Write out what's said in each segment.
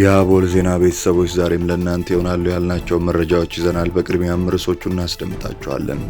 የአቦል ዜና ቤተሰቦች ዛሬም ለእናንተ ይሆናሉ ያልናቸው መረጃዎች ይዘናል። በቅድሚያም ርዕሶቹ እናስደምጣቸዋለን።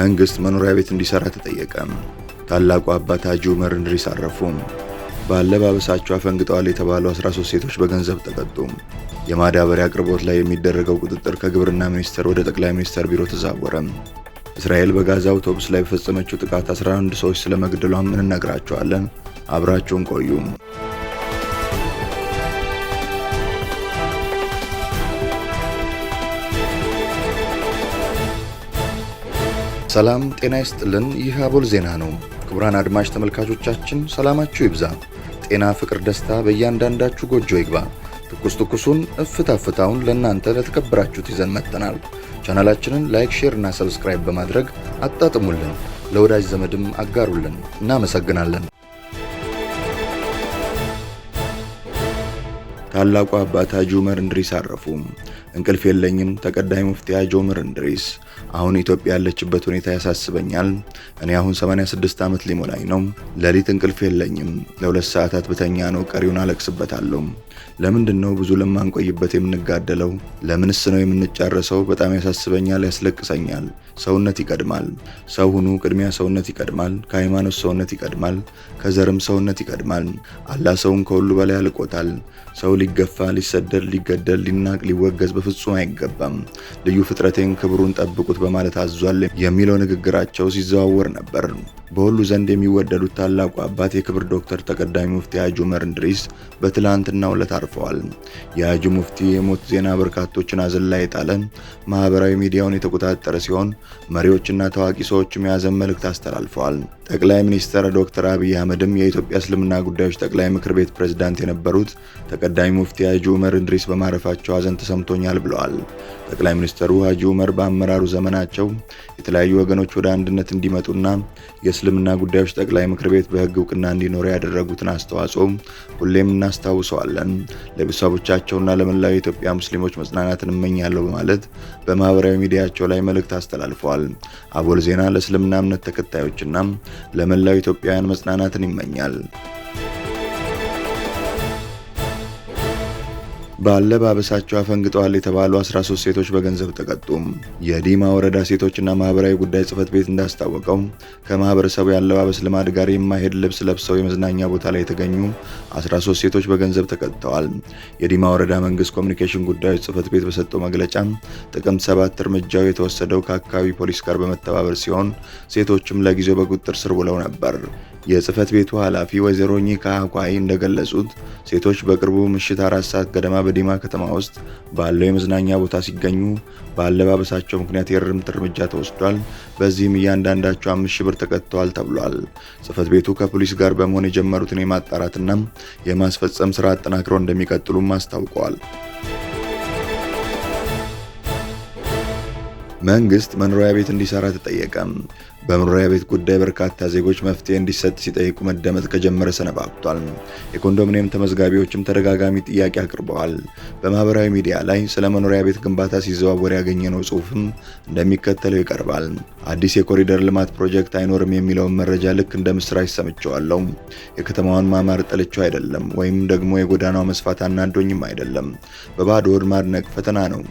መንግሥት መኖሪያ ቤት እንዲሠራ ተጠየቀ። ታላቁ አባት ሐጂ ዑመር እንድሪስ አረፉ። በአለባበሳቸው አፈንግጠዋል የተባሉ 13 ሴቶች በገንዘብ ተቀጡ። የማዳበሪያ አቅርቦት ላይ የሚደረገው ቁጥጥር ከግብርና ሚኒስቴር ወደ ጠቅላይ ሚኒስቴር ቢሮ ተዛወረ። እስራኤል በጋዛ አውቶቡስ ላይ በፈጸመችው ጥቃት 11 ሰዎች ስለመግደሏም እንነግራቸዋለን። አብራችሁን ቆዩም ሰላም ጤና ይስጥልን። ይህ አቦል ዜና ነው። ክቡራን አድማጭ ተመልካቾቻችን ሰላማችሁ ይብዛ፣ ጤና፣ ፍቅር፣ ደስታ በእያንዳንዳችሁ ጎጆ ይግባ። ትኩስ ትኩሱን እፍታ ፍታውን ለእናንተ ለተከበራችሁት ይዘን መጥተናል። ቻናላችንን ላይክ፣ ሼር እና ሰብስክራይብ በማድረግ አጣጥሙልን፣ ለወዳጅ ዘመድም አጋሩልን። እናመሰግናለን። ታላቁ አባት ሀጂ ዑመር እንድሪስ አረፉ። እንቅልፍ የለኝም ተቀዳሚ ሙፍቲ ሀጂ ዑመር እንድሪስ አሁን ኢትዮጵያ ያለችበት ሁኔታ ያሳስበኛል። እኔ አሁን 86 ዓመት ሊሞላኝ ነው። ሌሊት እንቅልፍ የለኝም። ለሁለት ሰዓታት ብተኛ ነው ቀሪውን አለቅስበታለሁ። ለምንድን ነው ብዙ ለማንቆይበት የምንጋደለው? ለምንስ ነው የምንጫረሰው? በጣም ያሳስበኛል፣ ያስለቅሰኛል። ሰውነት ይቀድማል። ሰው ሁኑ። ቅድሚያ ሰውነት ይቀድማል። ከሃይማኖት ሰውነት ይቀድማል። ከዘርም ሰውነት ይቀድማል። አላህ ሰውን ከሁሉ በላይ አልቆታል። ሰው ሊገፋ፣ ሊሰደድ፣ ሊገደል፣ ሊናቅ፣ ሊወገዝ በፍጹም አይገባም። ልዩ ፍጥረቴን ክብሩን ጠብቁ ጠብቁት በማለት አዟል የሚለው ንግግራቸው ሲዘዋወር ነበር። በሁሉ ዘንድ የሚወደዱት ታላቁ አባት የክብር ዶክተር ተቀዳሚ ሙፍቲ ሀጂ ዑመር እንድሪስ በትላንትናው ዕለት አርፈዋል። የሀጂ ሙፍቲ የሞት ዜና በርካቶችን አዘን ላይ የጣለ ማህበራዊ ሚዲያውን የተቆጣጠረ ሲሆን መሪዎችና ታዋቂ ሰዎችም የያዘን መልእክት አስተላልፈዋል። ጠቅላይ ሚኒስትር ዶክተር አብይ አህመድም የኢትዮጵያ እስልምና ጉዳዮች ጠቅላይ ምክር ቤት ፕሬዝዳንት የነበሩት ተቀዳሚ ሙፍቲ ሀጂ ዑመር እንድሪስ በማረፋቸው አዘን ተሰምቶኛል ብለዋል። ጠቅላይ ሚኒስትሩ ሀጂ ዑመር በአመራሩ ዘመናቸው የተለያዩ ወገኖች ወደ አንድነት እንዲመጡና የእስልምና ጉዳዮች ጠቅላይ ምክር ቤት በህግ እውቅና እንዲኖረው ያደረጉትን አስተዋጽኦ ሁሌም እናስታውሰዋለን። ለቤተሰቦቻቸውና ለመላው የኢትዮጵያ ሙስሊሞች መጽናናትን እመኛለሁ በማለት በማህበራዊ ሚዲያቸው ላይ መልእክት አስተላልፈዋል። አቦል ዜና ለእስልምና እምነት ተከታዮችና ለመላው ኢትዮጵያውያን መጽናናትን ይመኛል። በአለባበሳቸው አፈንግጠዋል የተባሉ 13 ሴቶች በገንዘብ ተቀጡም። የዲማ ወረዳ ሴቶችና ማህበራዊ ጉዳይ ጽህፈት ቤት እንዳስታወቀው ከማህበረሰቡ የአለባበስ ልማድ ጋር የማይሄድ ልብስ ለብሰው የመዝናኛ ቦታ ላይ የተገኙ 13 ሴቶች በገንዘብ ተቀጥተዋል። የዲማ ወረዳ መንግስት ኮሚኒኬሽን ጉዳዮች ጽህፈት ቤት በሰጠው መግለጫ ጥቅምት 7 እርምጃው የተወሰደው ከአካባቢ ፖሊስ ጋር በመተባበር ሲሆን ሴቶችም ለጊዜው በቁጥጥር ስር ውለው ነበር። የጽህፈት ቤቱ ኃላፊ ወይዘሮ ኒካ አኳይ እንደገለጹት ሴቶች በቅርቡ ምሽት አራት ሰዓት ገደማ በዲማ ከተማ ውስጥ ባለው የመዝናኛ ቦታ ሲገኙ በአለባበሳቸው ምክንያት የእርምት እርምጃ ተወስዷል። በዚህም እያንዳንዳቸው አምስት ሺህ ብር ተቀጥተዋል ተብሏል። ጽህፈት ቤቱ ከፖሊስ ጋር በመሆን የጀመሩትን የማጣራትና የማስፈጸም ስራ አጠናክረው እንደሚቀጥሉም አስታውቀዋል። መንግስት መኖሪያ ቤት እንዲሰራ ተጠየቀም። በመኖሪያ ቤት ጉዳይ በርካታ ዜጎች መፍትሄ እንዲሰጥ ሲጠይቁ መደመጥ ከጀመረ ሰነባብቷል። የኮንዶሚኒየም ተመዝጋቢዎችም ተደጋጋሚ ጥያቄ አቅርበዋል። በማህበራዊ ሚዲያ ላይ ስለ መኖሪያ ቤት ግንባታ ሲዘዋወር ያገኘነው ጽሁፍም እንደሚከተለው ይቀርባል። አዲስ የኮሪደር ልማት ፕሮጀክት አይኖርም የሚለውን መረጃ ልክ እንደ ምስራች ሰምቸዋለሁ። የከተማዋን ማማር ጠልቸው አይደለም፣ ወይም ደግሞ የጎዳናው መስፋት አናዶኝም አይደለም። በባዶ ወድ ማድነቅ ፈተና ነው።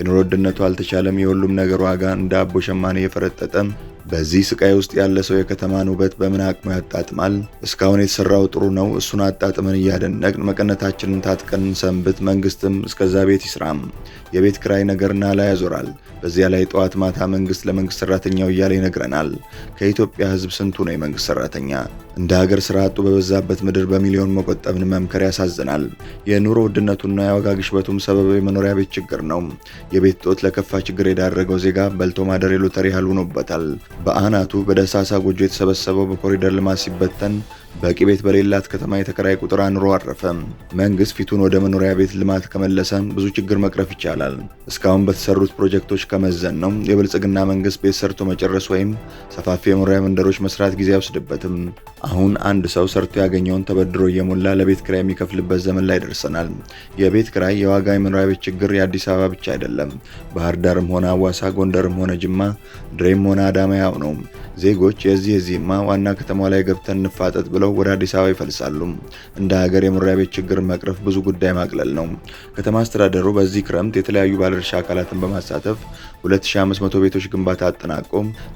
የኑሮ ውድነቱ አልተቻለም። የሁሉም ነገር ዋጋ እንደ አቦ ሸማኔ የፈረጠጠም። በዚህ ስቃይ ውስጥ ያለ ሰው የከተማን ውበት በምን አቅሙ ያጣጥማል? እስካሁን የተሰራው ጥሩ ነው፣ እሱን አጣጥመን እያደነቅን መቀነታችንን ታጥቀን ሰንብት። መንግስትም እስከዛ ቤት ይስራም። የቤት ክራይ ነገርና ላይ ያዞራል። በዚያ ላይ ጠዋት ማታ መንግስት ለመንግስት ሰራተኛው እያለ ይነግረናል። ከኢትዮጵያ ህዝብ ስንቱ ነው የመንግስት ሰራተኛ? እንደ ሀገር ስራ አጡ በበዛበት ምድር በሚሊዮን መቆጠብን መምከር ያሳዝናል። የኑሮ ውድነቱና የዋጋ ግሽበቱም ሰበብ የመኖሪያ ቤት ችግር ነው። የቤት ጦት ለከፋ ችግር የዳረገው ዜጋ በልቶ ማደር የሎተሪ ያህል ሆኖበታል። በአናቱ በደሳሳ ጎጆ የተሰበሰበው በኮሪደር ልማት ሲበተን በቂ ቤት በሌላት ከተማ የተከራይ ቁጥር አንሮ አረፈ። መንግስት ፊቱን ወደ መኖሪያ ቤት ልማት ከመለሰ ብዙ ችግር መቅረፍ ይቻላል። እስካሁን በተሰሩት ፕሮጀክቶች ከመዘን ነው የብልጽግና መንግስት ቤት ሰርቶ መጨረስ ወይም ሰፋፊ የመኖሪያ መንደሮች መስራት ጊዜ አይወስድበትም። አሁን አንድ ሰው ሰርቶ ያገኘውን ተበድሮ እየሞላ ለቤት ክራይ የሚከፍልበት ዘመን ላይ ደርሰናል። የቤት ክራይ የዋጋ የመኖሪያ ቤት ችግር የአዲስ አበባ ብቻ አይደለም። ባህር ዳርም ሆነ አዋሳ፣ ጎንደርም ሆነ ጅማ፣ ድሬም ሆነ አዳማ ያው ነው። ዜጎች የዚህ የዚህማ ዋና ከተማ ላይ ገብተን እንፋጠጥ ብለው ወደ አዲስ አበባ ይፈልሳሉ። እንደ ሀገር የመኖሪያ ቤት ችግር መቅረፍ ብዙ ጉዳይ ማቅለል ነው። ከተማ አስተዳደሩ በዚህ ክረምት የተለያዩ ባለድርሻ አካላትን በማሳተፍ 2500 ቤቶች ግንባታ አጠናቆ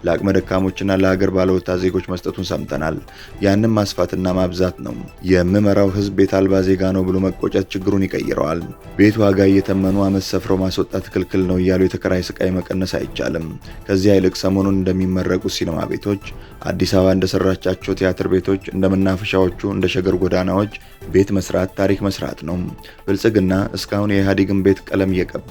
ለአቅመ ደካሞችና ለሀገር ባለወታ ዜጎች መስጠቱን ሰምተናል። ያንም ማስፋትና ማብዛት ነው። የምመራው ህዝብ ቤት አልባ ዜጋ ነው ብሎ መቆጨት ችግሩን ይቀይረዋል። ቤት ዋጋ እየተመኑ አመት ሰፍረው ማስወጣት ክልክል ነው እያሉ የተከራይ ስቃይ መቀነስ አይቻልም። ከዚያ ይልቅ ሰሞኑን እንደሚመረቁ ሲነማ ቤቶች አዲስ አበባ እንደሰራቻቸው ቲያትር ቤቶች፣ እንደ መናፈሻዎቹ እንደ ሸገር ጎዳናዎች ቤት መስራት ታሪክ መስራት ነው። ብልጽግና እስካሁን የኢህአዴግን ቤት ቀለም እየቀባ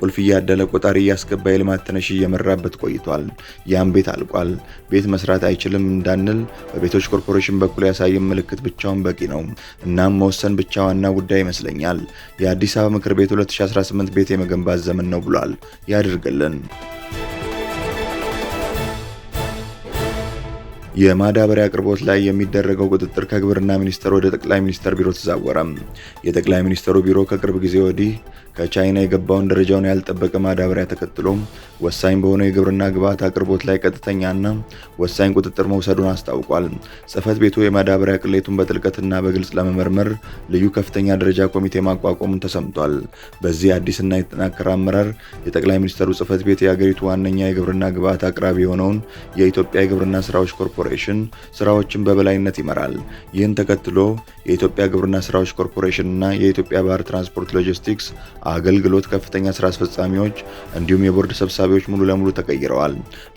ቁልፍ እያደለ ቆጣሪ እያስገባ የልማት ትንሽ እየመራበት ቆይቷል። ያም ቤት አልቋል። ቤት መስራት አይችልም እንዳንል በቤቶች ኮርፖሬሽን በኩል ያሳየን ምልክት ብቻውን በቂ ነው። እናም መወሰን ብቻ ዋና ጉዳይ ይመስለኛል። የአዲስ አበባ ምክር ቤት 2018 ቤት የመገንባት ዘመን ነው ብሏል። ያድርግልን። የማዳበሪያ አቅርቦት ላይ የሚደረገው ቁጥጥር ከግብርና ሚኒስቴር ወደ ጠቅላይ ሚኒስትር ቢሮ ተዛወረ። የጠቅላይ ሚኒስትሩ ቢሮ ከቅርብ ጊዜ ወዲህ ከቻይና የገባውን ደረጃውን ያልጠበቀ ማዳበሪያ ተከትሎም ወሳኝ በሆነው የግብርና ግብዓት አቅርቦት ላይ ቀጥተኛና ወሳኝ ቁጥጥር መውሰዱን አስታውቋል። ጽህፈት ቤቱ የማዳበሪያ ቅሌቱን በጥልቀትና በግልጽ ለመመርመር ልዩ ከፍተኛ ደረጃ ኮሚቴ ማቋቋሙን ተሰምቷል። በዚህ አዲስና የተጠናከረ አመራር የጠቅላይ ሚኒስትሩ ጽህፈት ቤት የአገሪቱ ዋነኛ የግብርና ግብዓት አቅራቢ የሆነውን የኢትዮጵያ የግብርና ስራዎች ኮርፖሬሽን ስራዎችን በበላይነት ይመራል። ይህን ተከትሎ የኢትዮጵያ ግብርና ስራዎች ኮርፖሬሽን እና የኢትዮጵያ ባህር ትራንስፖርት ሎጂስቲክስ አገልግሎት ከፍተኛ ስራ አስፈጻሚዎች እንዲሁም የቦርድ ሰብሳቢዎች ሙሉ ለሙሉ ተቀይረዋል።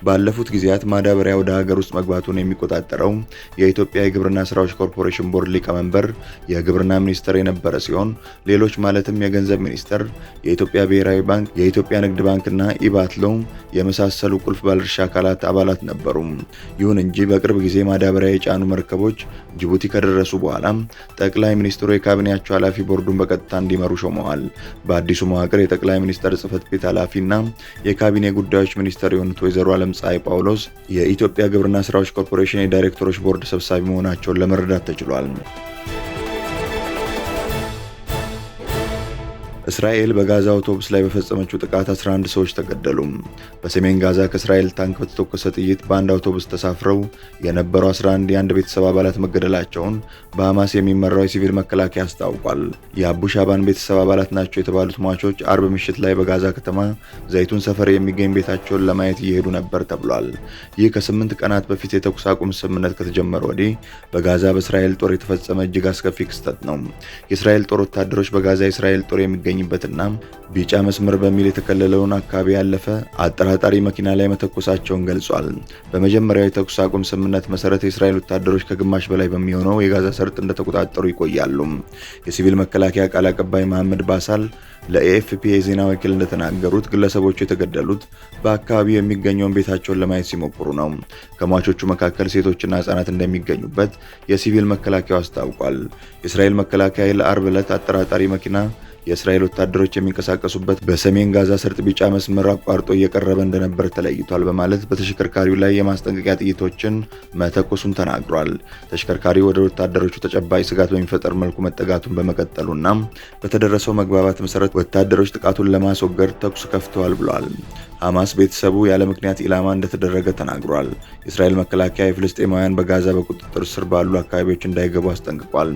ባለፉት ጊዜያት ማዳበሪያ ወደ ሀገር ውስጥ መግባቱን የሚቆጣጠረው የኢትዮጵያ የግብርና ስራዎች ኮርፖሬሽን ቦርድ ሊቀመንበር የግብርና ሚኒስትር የነበረ ሲሆን ሌሎች ማለትም የገንዘብ ሚኒስትር፣ የኢትዮጵያ ብሔራዊ ባንክ፣ የኢትዮጵያ ንግድ ባንክና ኢባትሎ የመሳሰሉ ቁልፍ ባለድርሻ አካላት አባላት ነበሩ። ይሁን እንጂ በቅርብ ጊዜ ማዳበሪያ የጫኑ መርከቦች ጅቡቲ ከደረሱ በኋላ ጠቅላይ ሚኒስትሩ የካቢኔያቸው ኃላፊ ቦርዱን በቀጥታ እንዲመሩ ሾመዋል። በአዲሱ መዋቅር የጠቅላይ ሚኒስተር ጽህፈት ቤት ኃላፊና የካቢኔ ጉዳዮች ሚኒስተር የሆኑት ወይዘሮ አለም ፀሐይ ጳውሎስ የኢትዮጵያ ግብርና ስራዎች ኮርፖሬሽን የዳይሬክተሮች ቦርድ ሰብሳቢ መሆናቸውን ለመረዳት ተችሏል። እስራኤል በጋዛ አውቶቡስ ላይ በፈጸመችው ጥቃት 11 ሰዎች ተገደሉ። በሰሜን ጋዛ ከእስራኤል ታንክ በተተኮሰ ጥይት በአንድ አውቶቡስ ተሳፍረው የነበሩ 11 የአንድ ቤተሰብ አባላት መገደላቸውን በሐማስ የሚመራው የሲቪል መከላከያ አስታውቋል። የአቡ ሻባን ቤተሰብ አባላት ናቸው የተባሉት ሟቾች አርብ ምሽት ላይ በጋዛ ከተማ ዘይቱን ሰፈር የሚገኝ ቤታቸውን ለማየት እየሄዱ ነበር ተብሏል። ይህ ከስምንት ቀናት በፊት የተኩስ አቁም ስምምነት ከተጀመረ ወዲህ በጋዛ በእስራኤል ጦር የተፈጸመ እጅግ አስከፊ ክስተት ነው። የእስራኤል ጦር ወታደሮች በጋዛ የእስራኤል ጦር የሚገኝ በሚገኝበትና ቢጫ መስመር በሚል የተከለለውን አካባቢ ያለፈ አጠራጣሪ መኪና ላይ መተኮሳቸውን ገልጿል። በመጀመሪያው የተኩስ አቁም ስምምነት መሰረት የእስራኤል ወታደሮች ከግማሽ በላይ በሚሆነው የጋዛ ሰርጥ እንደተቆጣጠሩ ይቆያሉ። የሲቪል መከላከያ ቃል አቀባይ መሐመድ ባሳል ለኤኤፍፒ የዜና ወኪል እንደተናገሩት ግለሰቦቹ የተገደሉት በአካባቢው የሚገኘውን ቤታቸውን ለማየት ሲሞክሩ ነው። ከሟቾቹ መካከል ሴቶችና ህጻናት እንደሚገኙበት የሲቪል መከላከያው አስታውቋል። የእስራኤል መከላከያ ለአርብ ዕለት አጠራጣሪ መኪና የእስራኤል ወታደሮች የሚንቀሳቀሱበት በሰሜን ጋዛ ሰርጥ ቢጫ መስመር አቋርጦ እየቀረበ እንደነበር ተለይቷል በማለት በተሽከርካሪው ላይ የማስጠንቀቂያ ጥይቶችን መተኮሱን ተናግሯል። ተሽከርካሪው ወደ ወታደሮቹ ተጨባጭ ስጋት በሚፈጠር መልኩ መጠጋቱን በመቀጠሉና በተደረሰው መግባባት መሰረት ወታደሮች ጥቃቱን ለማስወገድ ተኩስ ከፍተዋል ብሏል። ሐማስ ቤተሰቡ ያለ ምክንያት ኢላማ እንደተደረገ ተናግሯል። የእስራኤል መከላከያ የፍልስጤማውያን በጋዛ በቁጥጥር ስር ባሉ አካባቢዎች እንዳይገቡ አስጠንቅቋል።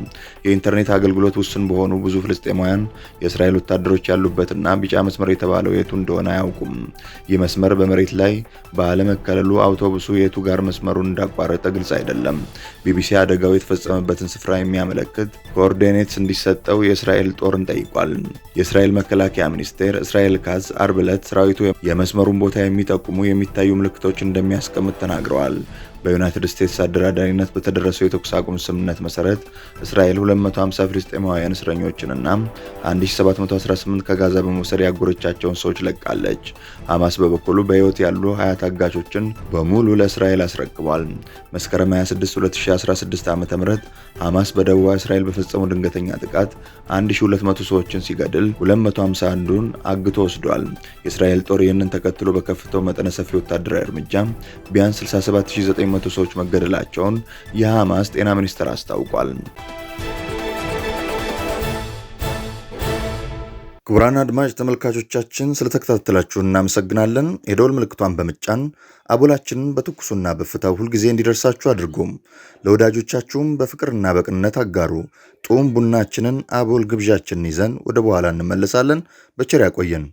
የኢንተርኔት አገልግሎት ውስን በሆኑ ብዙ ፍልስጤማውያን የእስራኤል ወታደሮች ያሉበትና ቢጫ መስመር የተባለው የቱ እንደሆነ አያውቁም። ይህ መስመር በመሬት ላይ ባለመከለሉ አውቶቡሱ የቱ ጋር መስመሩን እንዳቋረጠ ግልጽ አይደለም። ቢቢሲ አደጋው የተፈጸመበትን ስፍራ የሚያመለክት ኮኦርዲኔትስ እንዲሰጠው የእስራኤል ጦርን ጠይቋል። የእስራኤል መከላከያ ሚኒስቴር እስራኤል ካዝ አርብ ዕለት ሰራዊቱ የመስመሩን ቦታ የሚጠቁሙ የሚታዩ ምልክቶች እንደሚያስቀምጥ ተናግረዋል። በዩናይትድ ስቴትስ አደራዳሪነት በተደረሰው የተኩስ አቁም ስምምነት መሰረት እስራኤል 250 ፍልስጤማውያን እስረኞችንና 1718 ከጋዛ በመውሰድ ያጎረቻቸውን ሰዎች ለቃለች። ሐማስ በበኩሉ በሕይወት ያሉ ሀያ ታጋቾችን በሙሉ ለእስራኤል አስረክቧል። መስከረም 26 2016 ዓ ም ሐማስ በደቡባዊ እስራኤል በፈጸመው ድንገተኛ ጥቃት 1200 ሰዎችን ሲገድል 251ዱን አግቶ ወስዷል። የእስራኤል ጦር ይህንን ተከትሎ በከፍተው መጠነ ሰፊ ወታደራዊ እርምጃ ቢያንስ 679 900 ሰዎች መገደላቸውን የሐማስ ጤና ሚኒስቴር አስታውቋል። ክቡራን አድማጭ ተመልካቾቻችን ስለተከታተላችሁ እናመሰግናለን። የደወል ምልክቷን በመጫን አቦላችንን በትኩሱና በፍታው ሁልጊዜ እንዲደርሳችሁ አድርጉም። ለወዳጆቻችሁም በፍቅርና በቅንነት አጋሩ። ጡም ቡናችንን አቦል ግብዣችንን ይዘን ወደ በኋላ እንመለሳለን። በቸር ያቆየን።